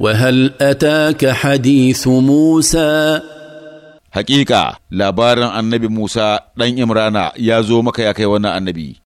وهل أتاك حديث موسى حقيقة لا بارن النبي موسى لن إمرانا يا زومك يا كيوانا النبي